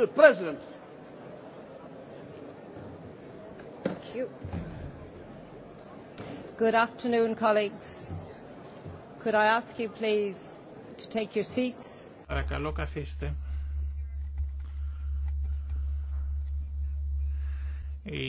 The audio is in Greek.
The President. Thank Good afternoon, colleagues. Could I ask you please to take your seats? Παρακαλώ καθίστε.